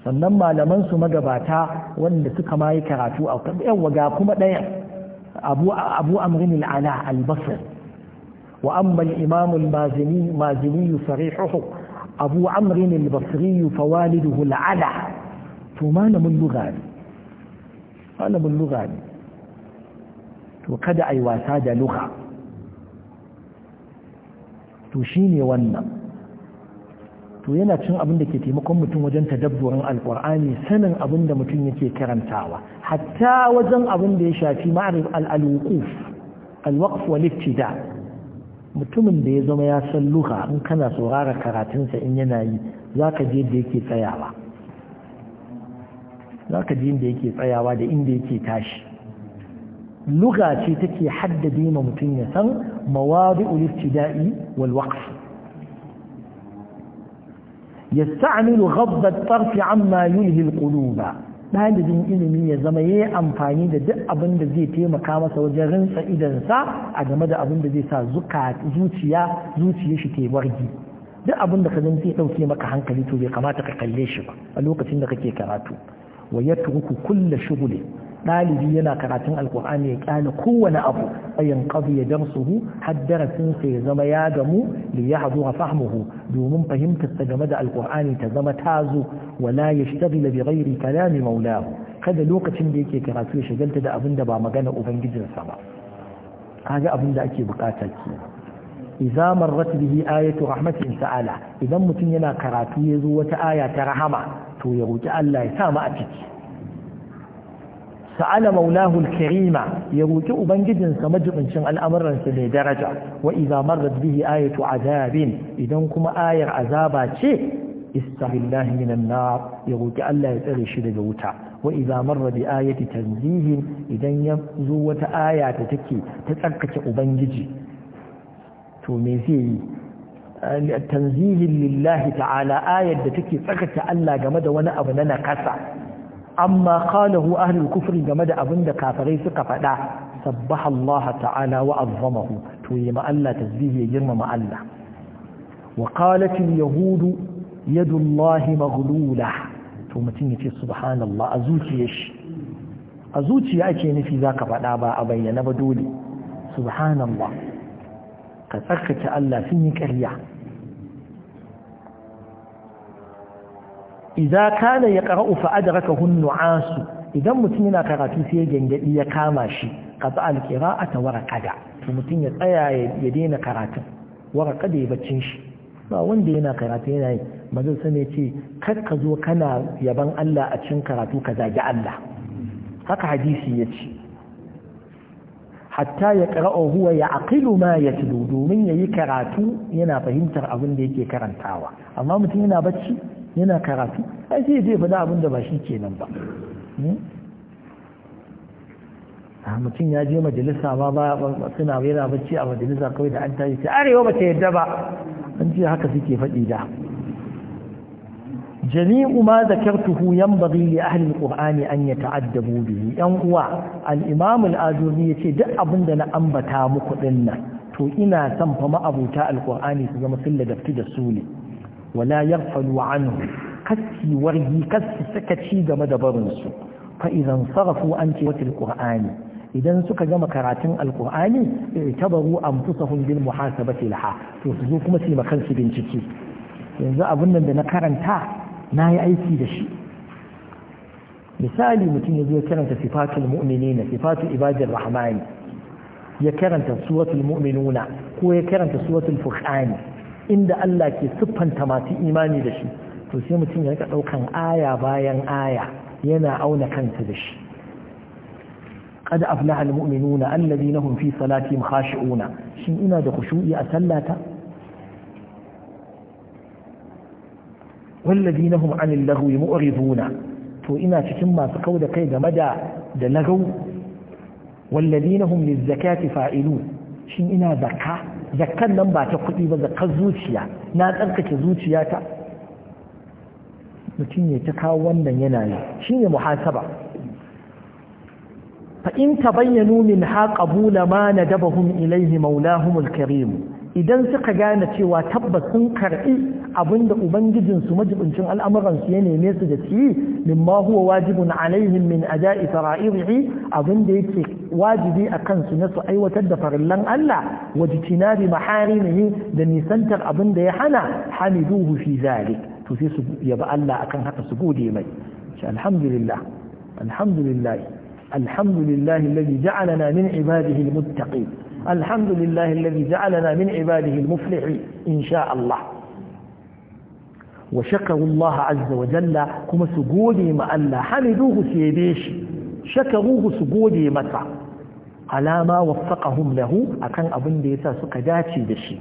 sannan malaman su magabata wanda suka ma yi karatu a yawa ga kuma ɗaya abu amrin al-ala al-basri wa amma al-imam al-mazini mazini sarihuhu abu amrin al-basri fawaliduhu al to malamin lugha ne malamin lugha ne to kada a yi wasa da lugha to shi ne wannan to yana cin abin da ke taimakon mutum wajen tadabburin alkur'ani sanin abin da mutum yake karantawa hatta wajen abin da ya shafi ma'arif al'alwukuf alwaqf wal mutumin da ya zama ya san luha in kana saurara karatunsa in yana yi zaka je da yake tsayawa za ka ji inda yake tsayawa da inda yake tashi luga ce take haddade ma mutum ya san mawadi'ul ibtida'i wal waqf yasta'milu ghadda at-tarf amma yulhi al-quluba dalibin ilimi ya zama yayi amfani da duk abin da zai taimaka masa wajen rinsa idansa a game da abin da zai sa zuciya zuciya shi ta wargi duk abin da ka zan zai ɗauke maka hankali to bai kamata ka kalle shi ba a lokacin da kake karatu wa ya yatruku kulle shugule? ɗalibi yana karatun alkur'ani ya kyale kowane abu ayin qadi ya darsuhu har darasin sa ya zama ya gamu li yahdura fahmuhu domin fahimtar game da alkur'ani ta zama tazo wala yashtaghila bi ghairi kalami maulahu kada lokacin da yake karatu ya shagalta da abin da ba magana ubangijinsa ba kaga abin da ake bukata ke idza marrat bihi ayatu rahmatin ta'ala idan mutum yana karatu ya zo wata aya ta rahama to ya roƙi Allah ya sa mu a ciki sa'ala maulahu al-karima ya roƙi ubangijin sa majibincin al'amuran sa mai daraja wa idza marrat bihi ayatu azabin idan kuma ayar azaba ce istahillahi minan nar ya roƙi Allah ya tsare shi daga wuta wa idza marra bi ayati tanzihin idan ya zo wata aya ta take ta tsarkake ubangiji to me zai yi tanzihin lillahi ta'ala ayar da take tsakata Allah game da wani abu na nakasa amma qalahu ahlul kufri game da abin da kafirai suka faɗa sabbaha Allah ta'ala wa azzamahu to yi Allah tasbihi ya girmama Allah wa qalat al-yahud yadu Allah maghlula to mutum yace subhanallah a zuciyar shi a zuciya ake nufi zaka faɗa ba a bayyana ba dole subhanallah ka tsarkake Allah sun yi ƙarya idza kana yaqra'u fa adrakahu nuas idan mutum yana karatu sai gangadi ya kama shi qata al-qira'ata wa raqada to mutum ya tsaya ya daina karatu wa raqada ya baccin shi ba wanda yana karatu yana yi manzo sai ya ce kar ka zo kana yaban Allah a cikin karatu ka zagi Allah haka hadisi yace hatta ya ƙara huwa ya aƙilu ma ya tudu domin ya yi karatu yana fahimtar abin da yake karantawa amma mutum yana bacci yana karatu ai sai zai faɗa abin ba shi kenan ba hmm? a ah, mutum ya je majalisa ma ba suna yana bacci a majalisa kawai da an tashi ce arewa ba ta yadda ba an ce haka suke faɗi da jami'u ma zakartuhu yanbaghi li ahli ƙur'ani an yata'addabu biyu yan uwa al-imam ya ce duk abin da na ambata muku ɗin nan to ina son fa ma'abuta alƙur'ani su zama sun da su ne wala yaghfalu anhu kassi wargi kassi sakaci game da barinsu fa idan sarafu an ce wata alqur'ani idan suka gama karatun alqur'ani tabaru anfusahum bil muhasaba laha to su zo kuma sima kansu bincike yanzu abin nan da na karanta na yi aiki da shi misali mutum ya zo ya karanta sifatul na sifatul ibadir rahmani ya karanta suratul mu'minuna ko ya karanta suratul furqani inda Allah ke siffanta masu imani da shi to sai mutum ya rika ɗaukan aya bayan aya yana auna kansa da shi قد أفلح المؤمنون الذين هم في صلاتهم خاشعون شن إنا دا خشوعي أسلاتا والذين هم عن اللغو مؤرضون تو إنا تشمى سقود قيد مدى دا لغو والذين هم للزكاة فاعلون shin ina zaka zakkan nan ba ta kuɗi ba zakar zuciya na tsarkake zuciyata mutum ne ta kawo wannan yanayi yi shi ne muhasaba fa in bayyanu min ha qabula ma nadabahum ilaihi maulahum alkarim idan suka gane cewa tabbas sun karɓi abinda ubangijinsu majibincin al'amuransu ya neme su da ciyi min ma huwa wajibun alaihim min aja'i fara'irihi abinda yake wajibi a kansu na su aiwatar da farillan Allah waje tinabi maharimihi da nisantar abinda ya hana hamiduhu fi zalik to sai su yabi Allah akan haka su gode mai alhamdulillah alhamdulillah alhamdulillah alladhi ja'alana min ibadihi almuttaqin الحمد لله الذي جعلنا من عباده المفلح إن شاء الله وشكروا الله عز وجل كما سجودي ما ألا حمدوه سيديش شكروه سجودي متى على ما وفقهم له أكان أبن ديسا سكداتي دشي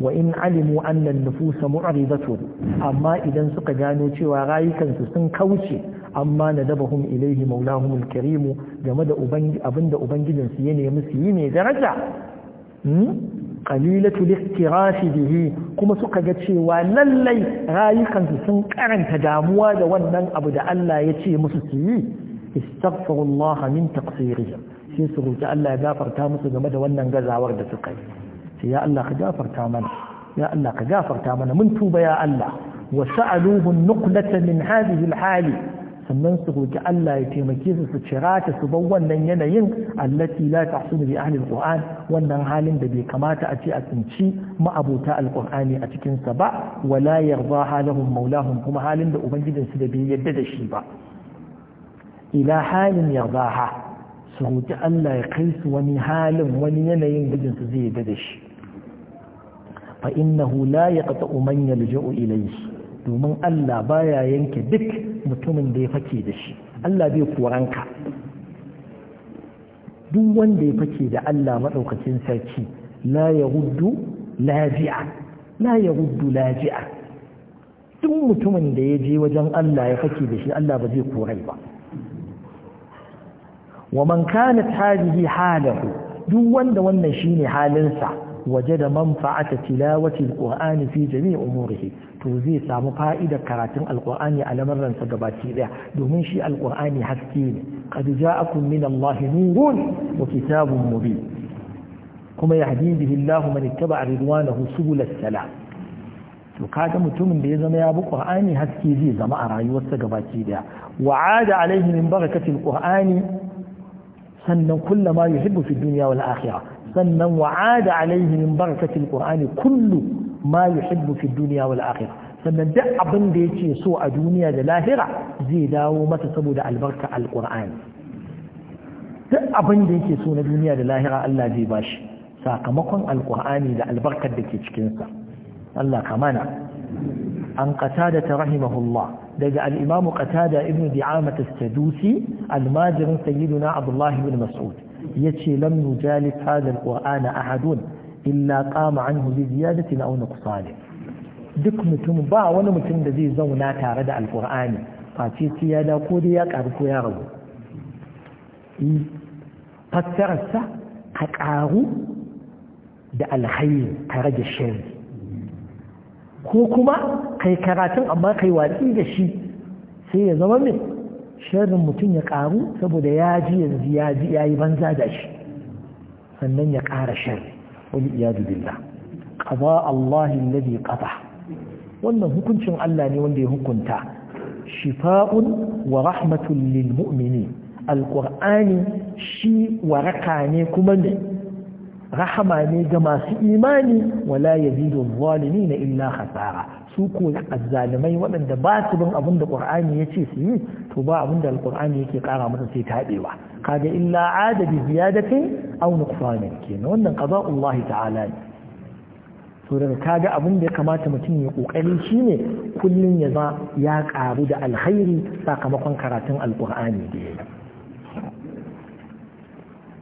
wa in alimu annan nufusa mu'ridatu amma idan suka gano cewa rayukansu sun kauce amma nadabahum ilaihi maulahum alkarim game da abinda ubangijinsu ya nemi su yi mai daraja hmm, qalilatu liftirashi bihi kuma suka ga cewa lallai rayukansu sun karanta damuwa da wannan abu da Allah ya ce musu su yi istaghfirullaha min taqsirihim sai su roki Allah ya gafarta musu game da wannan gazawar da suka yi sai ya Allah ka gafarta mana ya Allah ka gafarta mana mun tuba ya Allah wa sa'aluhu nuqlata min hadhihi al-hali sannan su roki Allah ya taimake su su cira ta su bar wannan yanayin allati la tahsunu bi ahli al wannan halin da bai kamata a ce a tsinci ma'abota al a cikin sa ba wala yarda halahum maulahum kuma halin da ubangijinsu da bai yadda da shi ba ila halin yardaha su roki Allah ya kai su wani halin wani yanayin su zai yadda da shi fa innahu la yaqta'u man yalja'u ilayhi domin Allah baya yanke duk mutumin da ya fake da shi Allah bai koranka duk wanda ya fake da Allah madaukakin sarki la yahuddu lafi'a la yahuddu lafiya. duk mutumin da ya je wajen Allah ya fake da shi Allah ba zai korai ba wa man kanat hadhihi halahu duk wanda wannan shine halinsa وجد منفعه تلاوه القران في جميع اموره to zai samu fa'idar karatun alƙwa’ani a lamarransa gabaci daya domin shi alƙwa’ani haske ne ƙadu za a kun min wa kitabun mubi kuma ya haɗi bihi Allah mani taba a riduwa na husulat sala to kada mutumin da ya zama ya bi ƙwa’ani haske zai zama a rayuwarsa gabaci ɗaya wa ada alaihi min barakatin ƙwa’ani sannan kullum ma yuhibbu fi duniya wal akhirah sannan wa'ada alaihi min barakatil qur'ani kullu ma yuhibbu fi dunya wal akhirah sannan duk abin da yake so a duniya da lahira zai dawo masa saboda albarka alqur'ani duk abin da yake so na duniya da lahira Allah zai bashi sakamakon alqur'ani da albarkar da ke cikin sa Allah kamana an qatada rahimahullah daga al-imam qatada ibn di'amah as-sadusi al-majrin sayyiduna abdullah ibn mas'ud yace lam nujalib hadha a ahadun illa qama anhu bi ziyadatin aw nuqsan duk mutum ba wani mutum da zai zauna tare da alqur'ani face sai ya da ko dai ya karu ko ya rabu fassararsa ka ƙaru da alhayi ka rage shari ko kuma kai karatun amma kai watsi da shi sai ya zama mai sharrin mutum ya karu saboda ya ji yanzu ya ji ya yi banza da shi sannan ya kara sharri wani iyadu billah qada Allah alladhi qada wannan hukuncin Allah ne wanda ya hukunta shifa'un wa rahmatun lil mu'mini alƙur'ani shi waraka ne kuma ne rahama ne ga masu imani wala yazidu na illa hasara su ko azzalimai waɗanda ba su bin abin da ya yace su yi to ba abin da alqur'ani yake kara masa sai tabewa kaga illa ada bi ziyadatin aw nuqsanin kenan wannan qada'ullahi ta'ala ne to daga kaga abin da ya kamata mutum ya kokari shine kullun ya za ya karu da alkhairi sakamakon karatun alqur'ani da yayi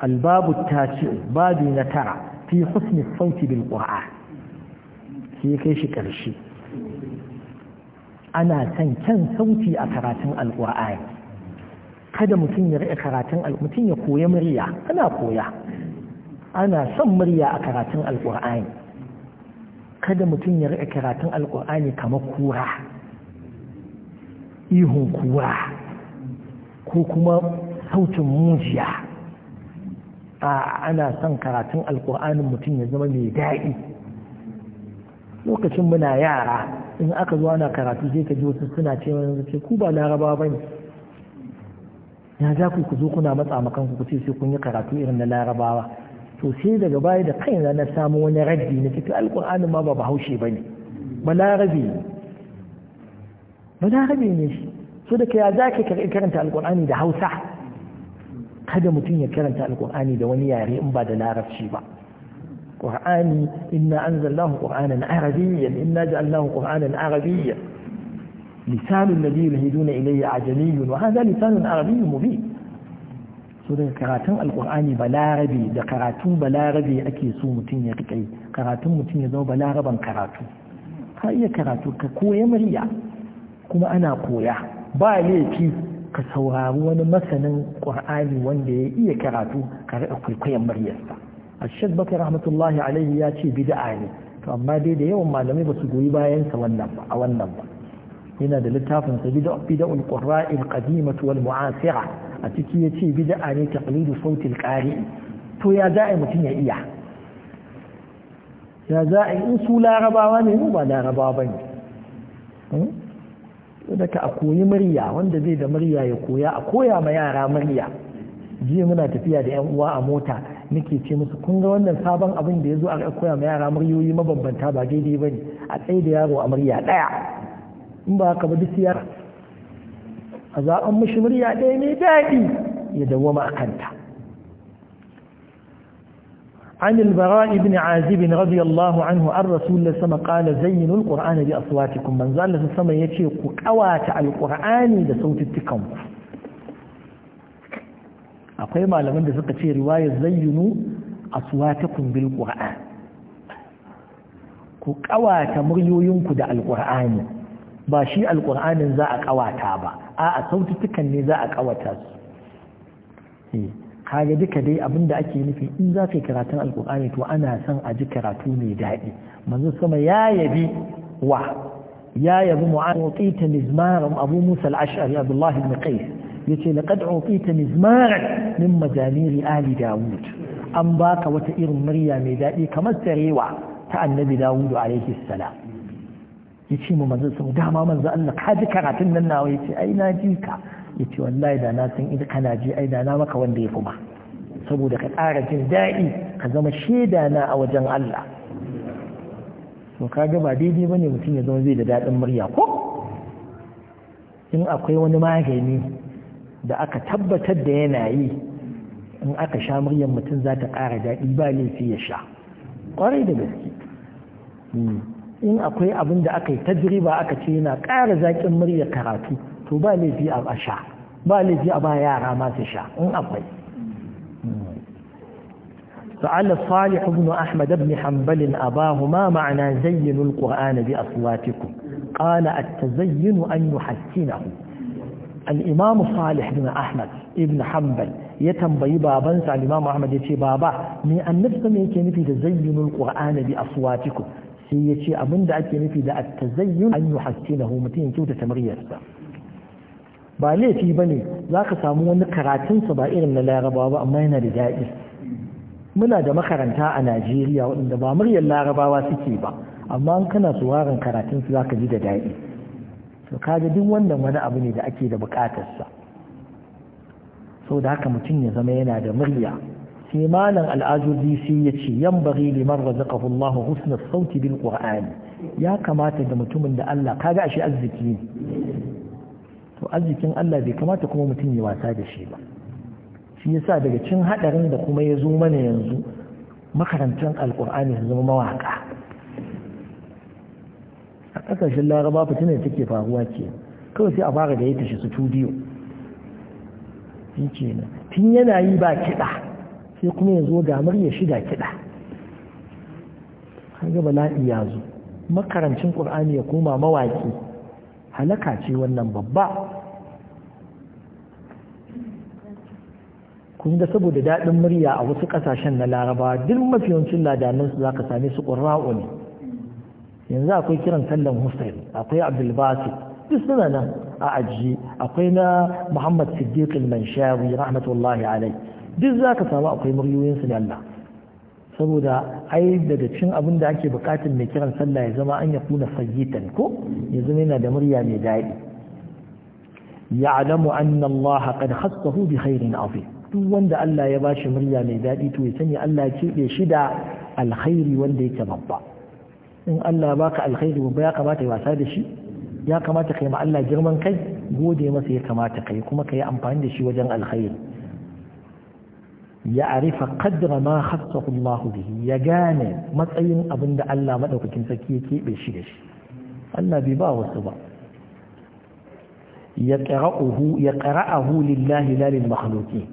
الباب التاسع باب نترى في حسن الصوت بالقرآن في كيش كرشي أنا سنكن صوتي أكراتن القرآن kada mutum ya riƙa karatun mutum ya koya murya ana koya ana son murya a karatun alƙur'ani kada mutum ya riƙa karatun alƙur'ani kamar kura ihun kura ko kuma sautin mujiya a ana son karatun alkur'anin mutum ya zama mai daɗi lokacin muna yara in aka zo ana karatu zai ka ji wasu suna ce yanzu ce ku ba laraba ba ne ya za ku zo kuna matsa makan ku ce sai kun yi karatu irin na larabawa to sai daga baya da kaina na samu wani raddi na cikin alkur'anin ma ba bahaushe ba ne balarabe balarabe ne shi so da ka ya za ka karanta alkur'ani da hausa kada mutum ya karanta alkur'ani da wani yare in ba da larabci ba qur'ani inna anzalnahu qur'anan arabiyyan inna ja'alnahu qur'anan arabiyyan lisan alladhi yulhiduna ilayhi ajamiyyun wa hadha lisan arabiyyun mubin so daga karatun alkur'ani balarabe da karatun balarabe ake so mutum ya riƙe karatun mutum ya zama balaraban karatu ka iya karatu ka koya murya kuma ana koya ba laifi ka saurari wani masanin ƙur'ani wanda ya iya karatu ka riƙa kwaikwayon muryarsa ashad bakar rahmatullahi alaihi ya ce bid'a ne to amma dai da yawan malamai ba su goyi bayan sa wannan ba a wannan ba yana da littafin sa bid'ul qurra'il qadimatu wal mu'asira a ciki ya ce bid'a ne taqlidu sautil qari to ya za'a mutum ya iya ya za'a in su larabawa ne mu ba larabawa bane hmm? daga a koyi murya wanda zai da murya ya koya a koya ma yara murya jiya muna tafiya da yan uwa a mota nake ce musu kun ga wannan sabon abin da ya zo a koya ma yara muryoyi mabambanta ba daidai ba ne a tsaye da yaro a murya ɗaya in ba haka ba duk yara a zaɓen mishi murya ɗaya mai daɗi ya dawwama a kanta عن البراء بن عازب رضي الله عنه عن رسول الله سما قال زينوا القرآن بأصواتكم من زال سما يتي قوات على القرآن لصوت التكم أقول ما لمن دفق في رواية زينوا أصواتكم بالقرآن قوات مريوينك دع القرآن باشي القرآن زاء قواتها با آه صوت التكم زاء قواتها إيه kaga duka dai abin da ake nufi in za ka yi karatun alkur'ani to ana son a ji karatu mai daɗi manzo sama ya yabi wa ya yabi mu'an utita nizmaran abu musa al-ash'ari abdullahi ibn qais yace laqad utita nizmaran min majaniri ali daud an baka wata irin murya mai daɗi kamar sarewa ta annabi daud alaihi salam yace mu manzo sama dama manzo Allah ka ji karatun nan nawa yace ai na ji ka ya ce wallahi da na san idan kana ji ai da na maka wanda ya kuma saboda ka ƙara jin daɗi ka zama shaida na a wajen Allah to ga ba daidai bane mutum ya zama zai da daɗin murya ko in akwai wani magani da aka tabbatar da yana yi in aka sha muryar mutum za ta ƙara daɗi ba laifi ya sha ƙwarai da gaske hmm. in akwai abin da aka yi tajriba aka ce yana ƙara zaƙin muryar karatu to ba laifi a sha ba laifi a ba yara masu sha in akwai سأل صالح بن أحمد بن حنبل أباهما معنى زينوا القرآن بأصواتكم قال التزين أن يحسنه الإمام صالح بن أحمد بن حنبل يتنبي بابنس الإمام أحمد يتي بابا من النفس من يكي نفي تزينوا القرآن بأصواتكم سيتي أبن دا أكي نفي دا التزين أن يحسنه متين كيوت تمريز ba laifi ba ne za ka samu wani karatunsa ba irin na larabawa ba amma yana da daɗi muna da makaranta a najeriya waɗanda ba muryar larabawa suke ba amma an kana suwarin karatunsu za ka ji da daɗi to kaga duk wannan wani abu ne da ake da buƙatarsa sau da haka mutum ya zama yana da murya sai malam al'ajoji sai ya ce yan bari liman razaqahu Allahu husnul sauti bil ƙur'ani. ya kamata da mutumin da Allah kaga ashe arziki ne to arzikin Allah bai kamata kuma mutum ya wasa da shi ba shi yasa daga cin hadarin da kuma ya zo mana yanzu makarantar alkur'ani ya zama mawaka a ƙasashen laraba fitina da take faruwa ke kawai sai a fara da ya tashi studio shi nan tun yana yi ba kiɗa sai kuma ya zo damar ya shiga kiɗa har gaba la'i ya zo makarancin ƙur'ani ya koma mawaki halaka ce wannan babba kun ga saboda daɗin murya a wasu ƙasashen na laraba duk mafiyancin ladanin su ka same su ƙurra'u ne yanzu akwai kiran sallan hussein akwai abdulbasi duk suna nan a ajiye akwai na muhammad siddiq al-manshawi rahmatullahi alai duk ka samu akwai muryoyin su ne Allah saboda ai daga cin abin da ake bukatar mai kiran sallah ya zama an ya kuna sayyitan ko ya zama yana da murya mai daɗi ya'lamu anna Allah qad khassahu bi khairin azim duk wanda Allah ya bashi murya mai daɗi to ya sanya Allah ya keɓe shi da alkhairi wanda yake babba in Allah baka alkhairi babba ya kamata ya wasa da shi ya kamata yi ma Allah girman kai gode masa ya kamata yi kuma ka yi amfani da shi wajen alkhairi ya arifa kadra ma khassahu Allah bihi ya gane matsayin abin da Allah madaukakin sarki ya keɓe shi da shi Allah bai ba wasu ba ya qara'uhu ya qara'ahu lillahi la lil makhluqin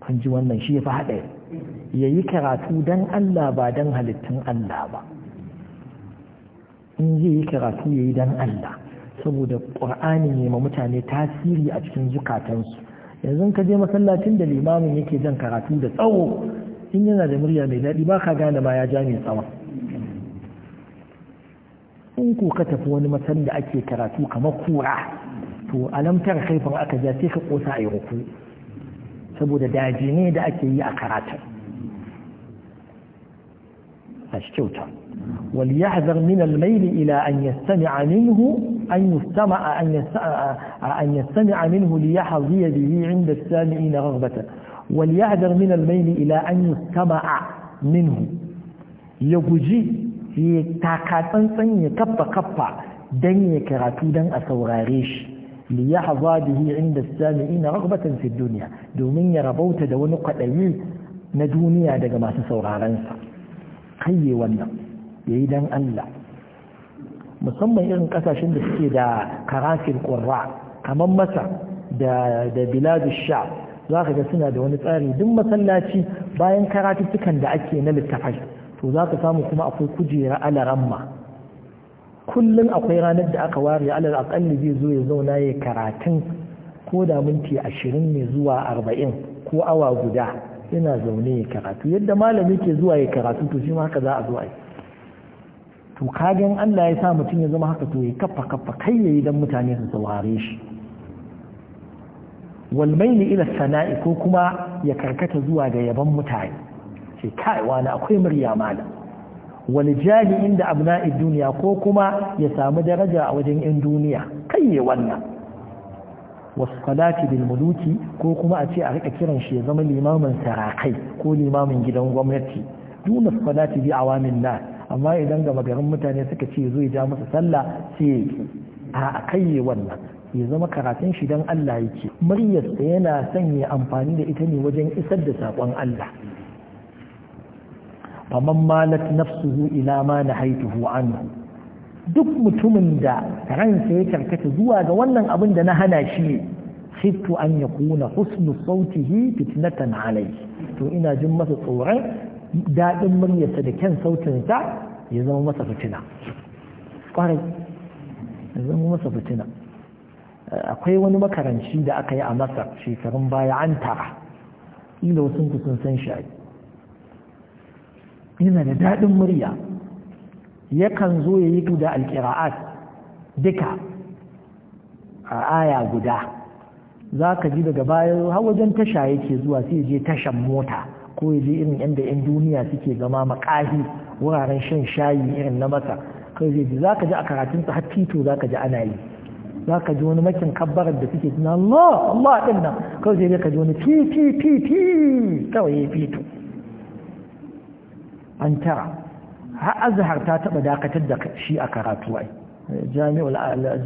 kun ji wannan shi fa hada yayi karatu dan Allah ba dan halittun Allah ba in zai yi karatu yayi dan Allah saboda ƙur'ani ne ma mutane tasiri a cikin zukatansu yanzu ka je masallacin da limamin yake jan karatu da tsawo in yana da murya mai daɗi ba ka gane ma ya ja mai tsawa in ko ka tafi wani matan da ake karatu kamar kura to alamtar kaifin aka ja sai ka kosa a yi ruku saboda daji ne da ake yi a karatun a shi kyauta wal yahzar min al-maili ila an yastami'a minhu أن يستمع أن يستمع منه ليحظي به عند السامعين رغبة وليهدر من الميل إلى أن يستمع منه يبجي في تاكاتن يكبا كبا دن يكراتو دن أسوراريش ليحظى به عند السامعين رغبة في الدنيا دومين يربوت دون قدعي ندونيا دقما سورارنسا قي ونم يدن الله musamman irin kasashen da suke da karafin ƙurra kamar masa da biladu sha za ka ga suna da wani tsari duk masallaci bayan karatuttukan da ake na littafai to za ka samu kuma akwai kujera alaramma kullum akwai ranar da aka ware alal akalli zai zo ya zauna ya karatun ko da minti ashirin ne zuwa arba'in ko awa guda yana zaune ya karatu yadda malami ke zuwa ya karatu to shi ma haka za a zo a yi to kagen Allah ya sa mutum ya zama haka to ya kafa kafa kai yayi dan mutane su saurare shi wal maili ila sana'i ko kuma ya karkata zuwa ga yaban mutane ce kai wani akwai murya mala wal jali inda abna'i duniya ko kuma ya samu daraja a wajen yan duniya kai ne wannan wasu bil muluki ko kuma a ce a rika kiran shi ya zama limamin sarakai ko limamin gidan gwamnati duna salati bi awamin nas amma idan gaba garin mutane suka ce zo ya ja musu sallah sai a kai wannan ya zama karatun shi don Allah yake da yana son ya amfani da ita ne wajen isar da saƙon Allah faman malat nafsuhu ila ma nahaituhu anhu duk mutumin da ransa ya karkata zuwa ga wannan abin da na hana shi khiftu an yakuna husnu sautihi fitnatan alayhi to ina jin masa tsoron daɗin muryarsa da kyan sautinsa ya zama masa fitina ƙwarai ya zama masa fitina akwai wani makaranci da aka yi a masar shekarun baya an tara ila wasu sun san shayi yana da daɗin murya yakan zo ya yi da alƙira'at duka a aya guda za ka ji daga baya har wajen tasha yake zuwa sai je tashan mota ko ya je irin yadda 'yan duniya suke zama makahi wuraren shan shayi irin na masa kai zai ji za ka ji a karatunsa har tito za ka ji ana yi za ka ji wani makin kabbarar da suke tuna Allah Allah din nan kawai zai ka ji wani fi fi fi fi kawai ya fito an tara har azhar ta taɓa dakatar da shi a karatu ai jami'ul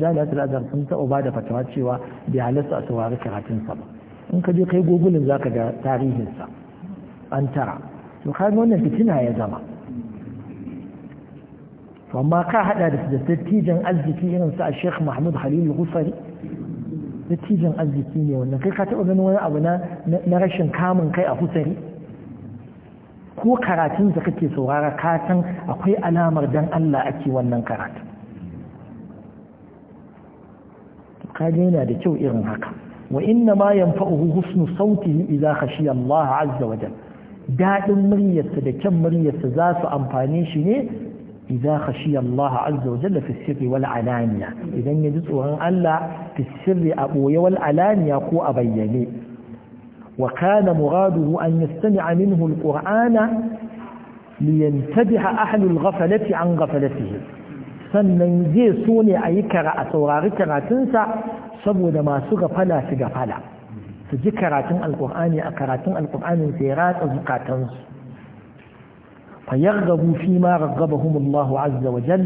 jami'atul azhar sun taɓa ba da fatawa cewa bai halasta a saurari karatun sa ba in ka je kai gogulin zaka ga tarihin sa an tara to kaga wannan fitina ya zama to amma ka hada da dattijan arziki irin a Sheikh Mahmud Halil Ghufari dattijan arziki ne wannan kai ka taba ganin wani abu na na rashin kamun kai a Husari ko karatun da kake saurara ka san akwai alamar dan Allah ake wannan karatu ka yana da kyau irin haka wa inna ma yanfa'uhu husnu sautihi idza khashiya Allah azza wa jalla daɗin muryarsa da kyan muryarsa za su amfani shi ne idan khashi Allah azza wa jalla fi sirri wal alaniya idan yaji tsoron Allah fi sirri a boye wal alaniya ko a bayyane wa kana muraduhu an yastami'a minhu alqur'ana li yantabiha ahli alghaflati an ghaflatihi sannan zai so ne a yi kara a saurari karatunsa saboda masu gafala su gafala su ji karatun alkur'ani a karatun alkur'ani sai ratsa zukatansu fayar gabu fi ma raggaba humullahu azza wa jal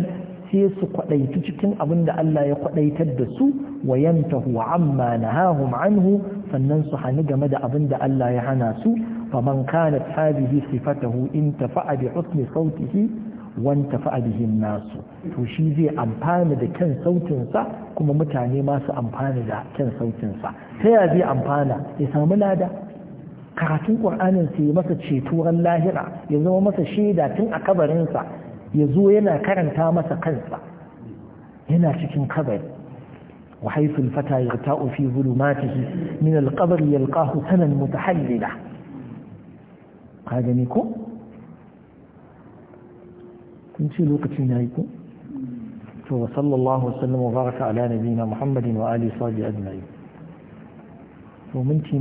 sai su kwaɗaitu cikin abin da Allah ya kwaɗaitar da su wa yantahu amma nahahum anhu sannan su hani game da abin da Allah ya hana su man kanat hadhihi sifatahu in tafa'a bi husni sautihi wanta fa'adihin nasu to shi zai amfana da kyan sautinsa kuma mutane masu amfana da kyan sautinsa ta ya zai amfana ya samu lada karatun ƙur'anin sai ya masa ceto ran lahira ya zama masa shaida tun a kabarinsa ya zo yana karanta masa kansa yana cikin kabari وحيث الفتى يغتاء في ظلماته من القبر يلقاه سنا متحللة هذا نيكو تنشي لوك تنهايكو فصلى الله وسلم وبارك على نبينا محمد وآله صلى الله عليه